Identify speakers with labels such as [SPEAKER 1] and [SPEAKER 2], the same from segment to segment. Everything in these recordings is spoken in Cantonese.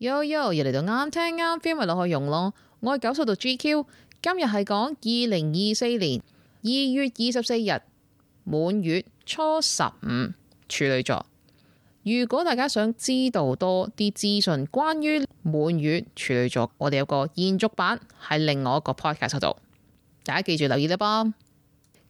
[SPEAKER 1] Yo, yo 又嚟到啱聽啱 feel，咪落去用咯。我係九速度 G Q，今日係講二零二四年二月二十四日滿月初十五處女座。如果大家想知道多啲資訊關於滿月處女座，我哋有個延續版喺另外一個 podcast 度，大家記住留意得噃。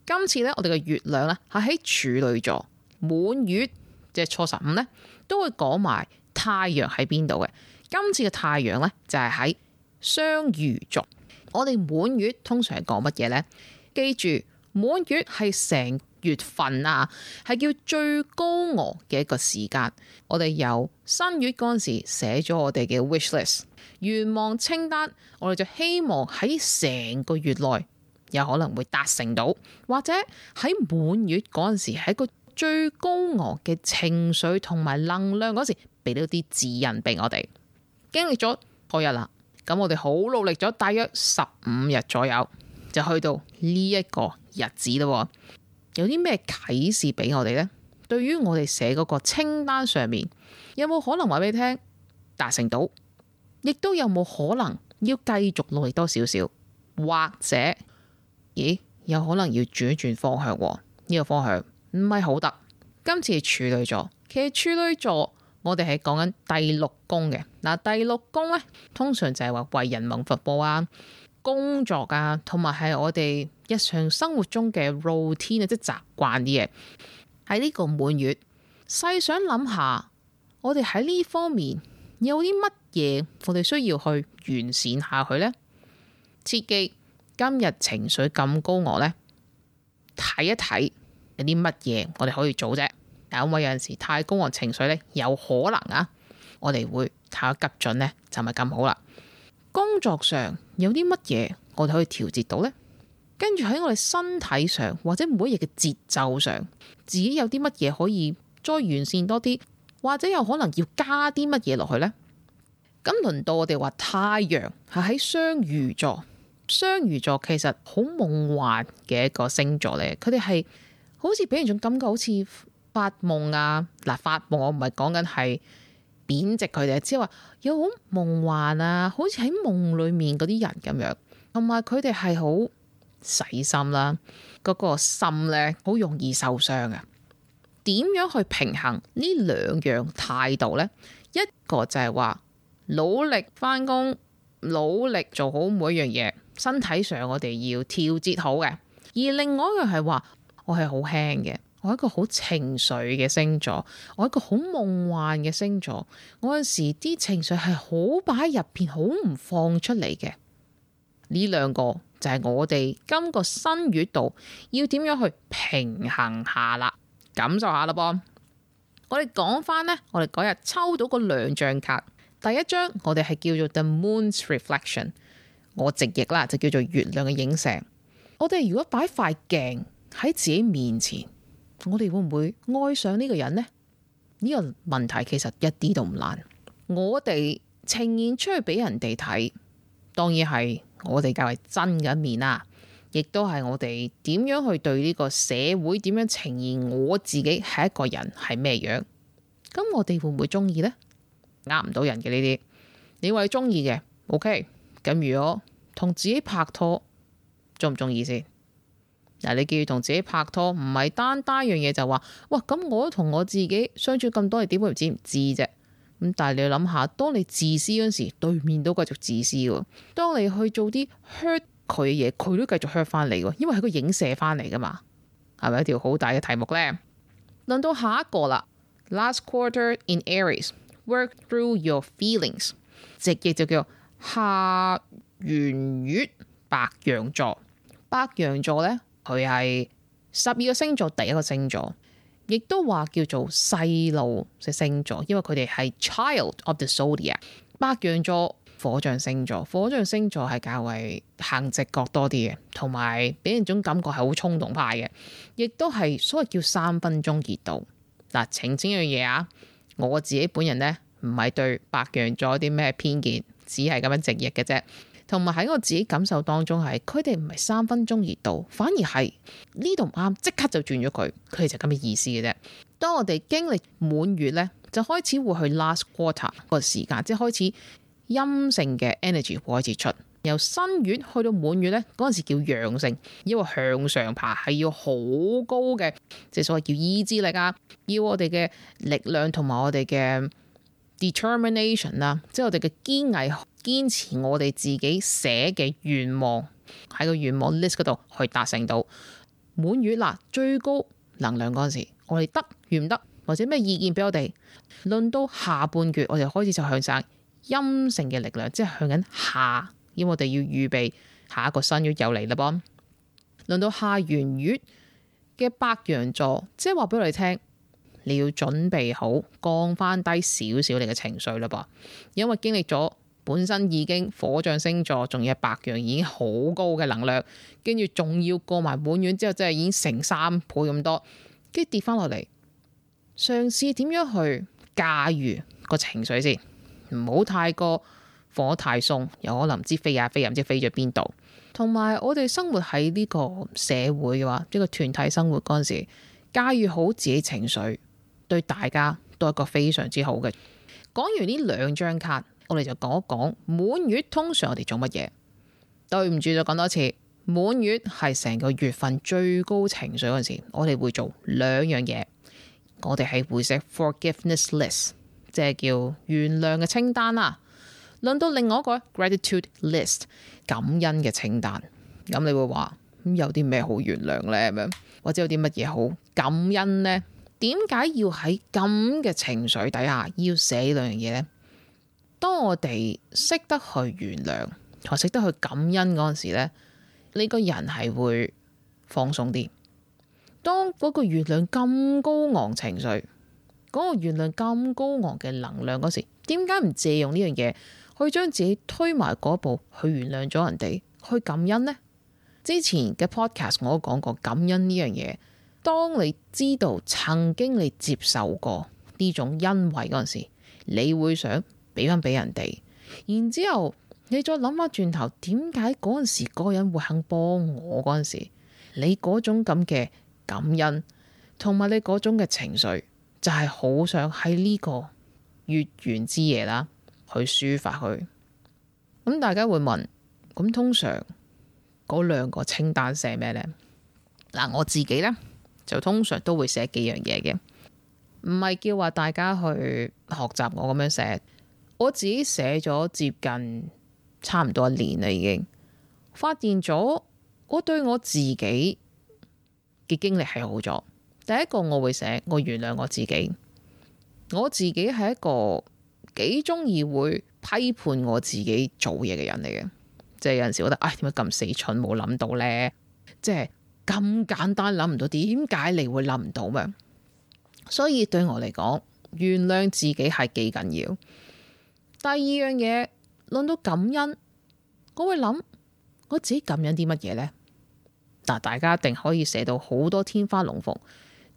[SPEAKER 1] 今次呢，我哋嘅月亮呢係喺處女座滿月，即係初十五呢，都會講埋太陽喺邊度嘅。今次嘅太陽呢，就係喺雙魚座。我哋滿月通常係講乜嘢呢？記住滿月係成月份啊，係叫最高峰嘅一個時間。我哋由新月嗰陣時寫咗我哋嘅 wish list 願望清單，我哋就希望喺成個月內有可能會達成到，或者喺滿月嗰陣時係一個最高峰嘅情緒同埋能量嗰時俾到啲指引俾我哋。經歷咗初日啦，咁我哋好努力咗大約十五日左右，就去到呢一個日子啦。有啲咩啟示俾我哋呢？對於我哋寫嗰個清單上面，有冇可能話俾你聽達成到？亦都有冇可能要繼續努力多少少？或者，咦，有可能要轉一轉方向？呢個方向唔係好得。今次處女座，其實處女座。我哋係講緊第六宮嘅，嗱第六宮呢，通常就係話為人民服務啊、工作啊，同埋係我哋日常生活中嘅 routine 啊，即係習慣啲嘢。喺呢個滿月，細想諗下，我哋喺呢方面有啲乜嘢，我哋需要去完善下去呢？切記今日情緒咁高昂呢。睇一睇有啲乜嘢我哋可以做啫。但係有陣時太高昂情緒咧，有可能啊，我哋會太急進咧，就唔係咁好啦。工作上有啲乜嘢我哋可以調節到呢？跟住喺我哋身體上或者每一日嘅節奏上，自己有啲乜嘢可以再完善多啲，或者有可能要加啲乜嘢落去呢？咁輪到我哋話太陽係喺雙魚座，雙魚座其實好夢幻嘅一個星座咧。佢哋係好似俾人種感覺，好似～發夢啊，嗱，發夢我唔係講緊係貶值佢哋，即係話有好夢幻啊，好似喺夢裏面嗰啲人咁樣，同埋佢哋係好使心啦、啊，嗰、嗰個心咧好容易受傷嘅。點樣去平衡呢兩樣態度呢？一個就係話努力翻工，努力做好每一樣嘢，身體上我哋要調節好嘅；而另外一樣係話，我係好輕嘅。我一個好情緒嘅星座，我一個好夢幻嘅星座。我有陣時啲情緒係好擺喺入邊，好唔放出嚟嘅。呢兩個就係我哋今個新月度要點樣去平衡下啦，感受下啦。噃我哋講翻呢，我哋嗰日抽到個兩張卡，第一張我哋係叫做 The Moon’s Reflection，我直譯啦就叫做月亮嘅影射。我哋如果擺塊鏡喺自己面前。我哋會唔會愛上呢個人呢？呢個問題其實一啲都唔難。我哋呈現出去俾人哋睇，當然係我哋較為真嘅一面啦。亦都係我哋點樣去對呢個社會，點樣呈現我自己係一個人係咩樣？咁我哋會唔會中意呢？呃唔到人嘅呢啲，你話中意嘅？OK，咁如果同自己拍拖，中唔中意先？嗱，你叫要同自己拍拖，唔係單單樣嘢就話哇咁。我都同我自己相處咁多，點會唔知唔知啫？咁但係你要諗下，當你自私嗰時，對面都繼續自私嘅。當你去做啲 hurt 佢嘅嘢，佢都繼續 hurt 翻你嘅，因為係個影射翻嚟噶嘛，係咪一條好大嘅題目呢？論到下一個啦。last quarter in Aries work through your feelings，直譯就叫下元月白羊座，白羊座呢。」佢係十二個星座第一個星座，亦都話叫做細路嘅星座，因為佢哋係 child of the zodiac。白羊座、火象星座，火象星座係較為行直覺多啲嘅，同埋俾人種感覺係好衝動派嘅，亦都係所謂叫三分鐘熱度。嗱、呃，澄清一樣嘢啊，我自己本人呢，唔係對白羊座有啲咩偏見，只係咁樣直譯嘅啫。同埋喺我自己感受當中係，佢哋唔係三分鐘熱度，反而係呢度唔啱，即刻就轉咗佢。佢哋就咁嘅意思嘅啫。當我哋經歷滿月咧，就開始會去 last quarter 嗰個時間，即係開始陰性嘅 energy 開始出。由新月去到滿月咧，嗰陣時叫陽性，因為向上爬係要好高嘅，即係所謂叫意志力啊，要我哋嘅力量同埋我哋嘅。Determination 啦，Det erm、ination，即係我哋嘅堅毅堅持，我哋自己寫嘅願望喺個願望 list 嗰度去達成到滿月嗱最高能量嗰陣時，我哋得與唔得或者咩意見俾我哋？輪到下半月，我哋開始就向晒陰性嘅力量，即係向緊下，因為我哋要預備下一個新月又嚟啦噃。輪到下圓月嘅白羊座，即係話俾我哋聽。你要準備好降翻低少少你嘅情緒啦噃，因為經歷咗本身已經火象星座，仲有白羊已經好高嘅能量，跟住仲要過埋滿月之後，即係已經成三倍咁多，跟住跌翻落嚟。嘗試點樣去駕馭個情緒先？唔好太過火太鬆，有可能唔知飛啊，飛啊，唔知飛咗邊度。同埋我哋生活喺呢個社會嘅話，一個團體生活嗰陣時，駕馭好自己情緒。對大家都係一個非常之好嘅。講完呢兩張卡，我哋就講一講滿月。通常我哋做乜嘢？對唔住，再講多次。滿月係成個月份最高情緒嗰陣時，我哋會做兩樣嘢。我哋係會寫 forgiveness list，即係叫原諒嘅清單啦。論到另外一個 gratitude list，感恩嘅清單。咁你會話咁有啲咩好原諒呢？」咁樣或者有啲乜嘢好感恩呢？點解要喺咁嘅情緒底下要寫呢兩樣嘢呢？當我哋識得去原諒，同識得去感恩嗰陣時呢，你個人係會放鬆啲。當嗰個原諒咁高昂情緒，嗰個原諒咁高昂嘅能量嗰時，點解唔借用呢樣嘢去將自己推埋嗰一步去原諒咗人哋，去感恩呢？之前嘅 podcast 我都講過感恩呢樣嘢。當你知道曾經你接受過呢種恩惠嗰陣時，你會想俾翻俾人哋。然之後你再諗翻轉頭，點解嗰陣時嗰個人會肯幫我嗰陣時，你嗰種咁嘅感恩同埋你嗰種嘅情緒，就係好想喺呢個月圓之夜啦去抒發佢。咁大家會問，咁通常嗰兩個清單寫咩呢？嗱，我自己呢。就通常都會寫幾樣嘢嘅，唔係叫話大家去學習我咁樣寫。我自己寫咗接近差唔多一年啦，已經發現咗我對我自己嘅經歷係好咗。第一個我會寫，我原諒我自己。我自己係一個幾中意會批判我自己做嘢嘅人嚟嘅，即係有陣時覺得，唉、哎，點解咁死蠢冇諗到呢？即」即係。咁簡單諗唔到，點解你會諗唔到咩？所以對我嚟講，原諒自己係幾緊要。第二樣嘢，論到感恩，我會諗我自己感恩啲乜嘢呢？嗱，大家一定可以寫到好多天花龍鳳，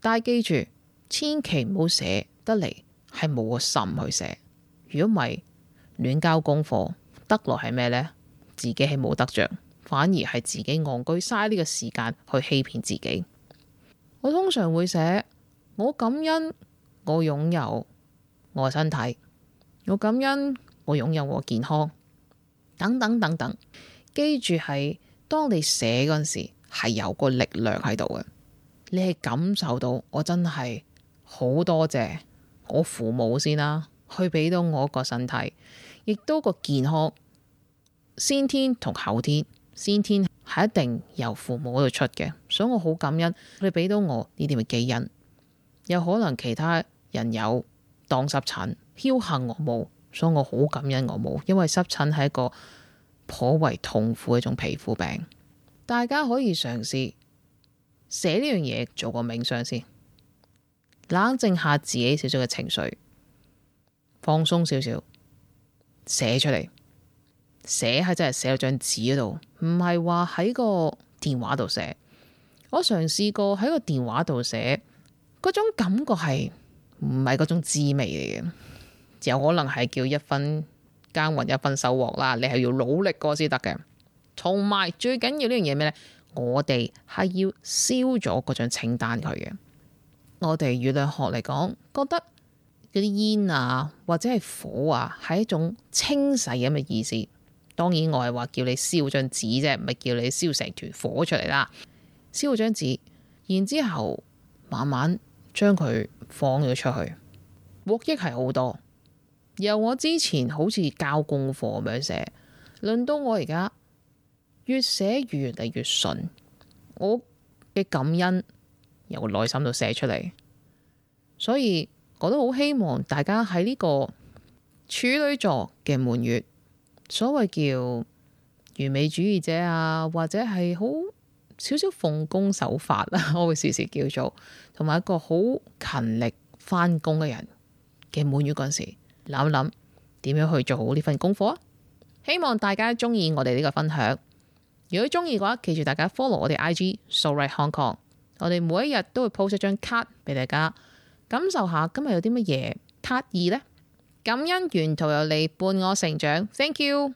[SPEAKER 1] 但係記住，千祈唔好寫得嚟係冇個心去寫。如果唔係，亂交功課得來係咩呢？自己係冇得着。反而係自己戇居，嘥呢個時間去欺騙自己。我通常會寫我感恩我擁有我身體，我感恩我擁有我健康，等等等等。記住係當你寫嗰陣時，係有個力量喺度嘅，你係感受到我真係好多謝我父母先啦、啊，去俾到我個身體，亦都個健康先天同後天。先天係一定由父母嗰度出嘅，所以我好感恩你俾到我呢啲嘅基因。有可能其他人有當濕疹，僥倖我冇，所以我好感恩我冇，因為濕疹係一個頗為痛苦嘅一種皮膚病。大家可以嘗試寫呢樣嘢，做個冥想先，冷靜下自己少少嘅情緒，放鬆少少，寫出嚟。寫喺真係寫咗張紙嗰度，唔係話喺個電話度寫。我嘗試過喺個電話度寫，嗰種感覺係唔係嗰種滋味嚟嘅，有可能係叫一分耕耘一分收穫啦。你係要努力過先得嘅，同埋最緊要呢樣嘢咩咧？我哋係要燒咗嗰張清單佢嘅。我哋月亮學嚟講，覺得嗰啲煙啊或者係火啊係一種清洗咁嘅意思。當然我係話叫你燒張紙啫，唔係叫你燒成團火出嚟啦。燒張紙，然之後慢慢將佢放咗出去，獲益係好多。由我之前好似交功課咁樣寫，輪到我而家越寫越嚟越順，我嘅感恩由內心度寫出嚟，所以我都好希望大家喺呢個處女座嘅滿月。所謂叫完美主義者啊，或者係好少少奉公守法啦， 我會時時叫做同埋一個好勤力返工嘅人嘅滿月嗰陣時，諗一諗點樣去做好呢份功課啊！希望大家中意我哋呢個分享，如果中意嘅話，記住大家 follow 我哋 I G zoritehk，我哋每一日都會 post 一張 card 俾大家感受下今日有啲乜嘢得意呢。感恩沿途有你伴我成長，thank you。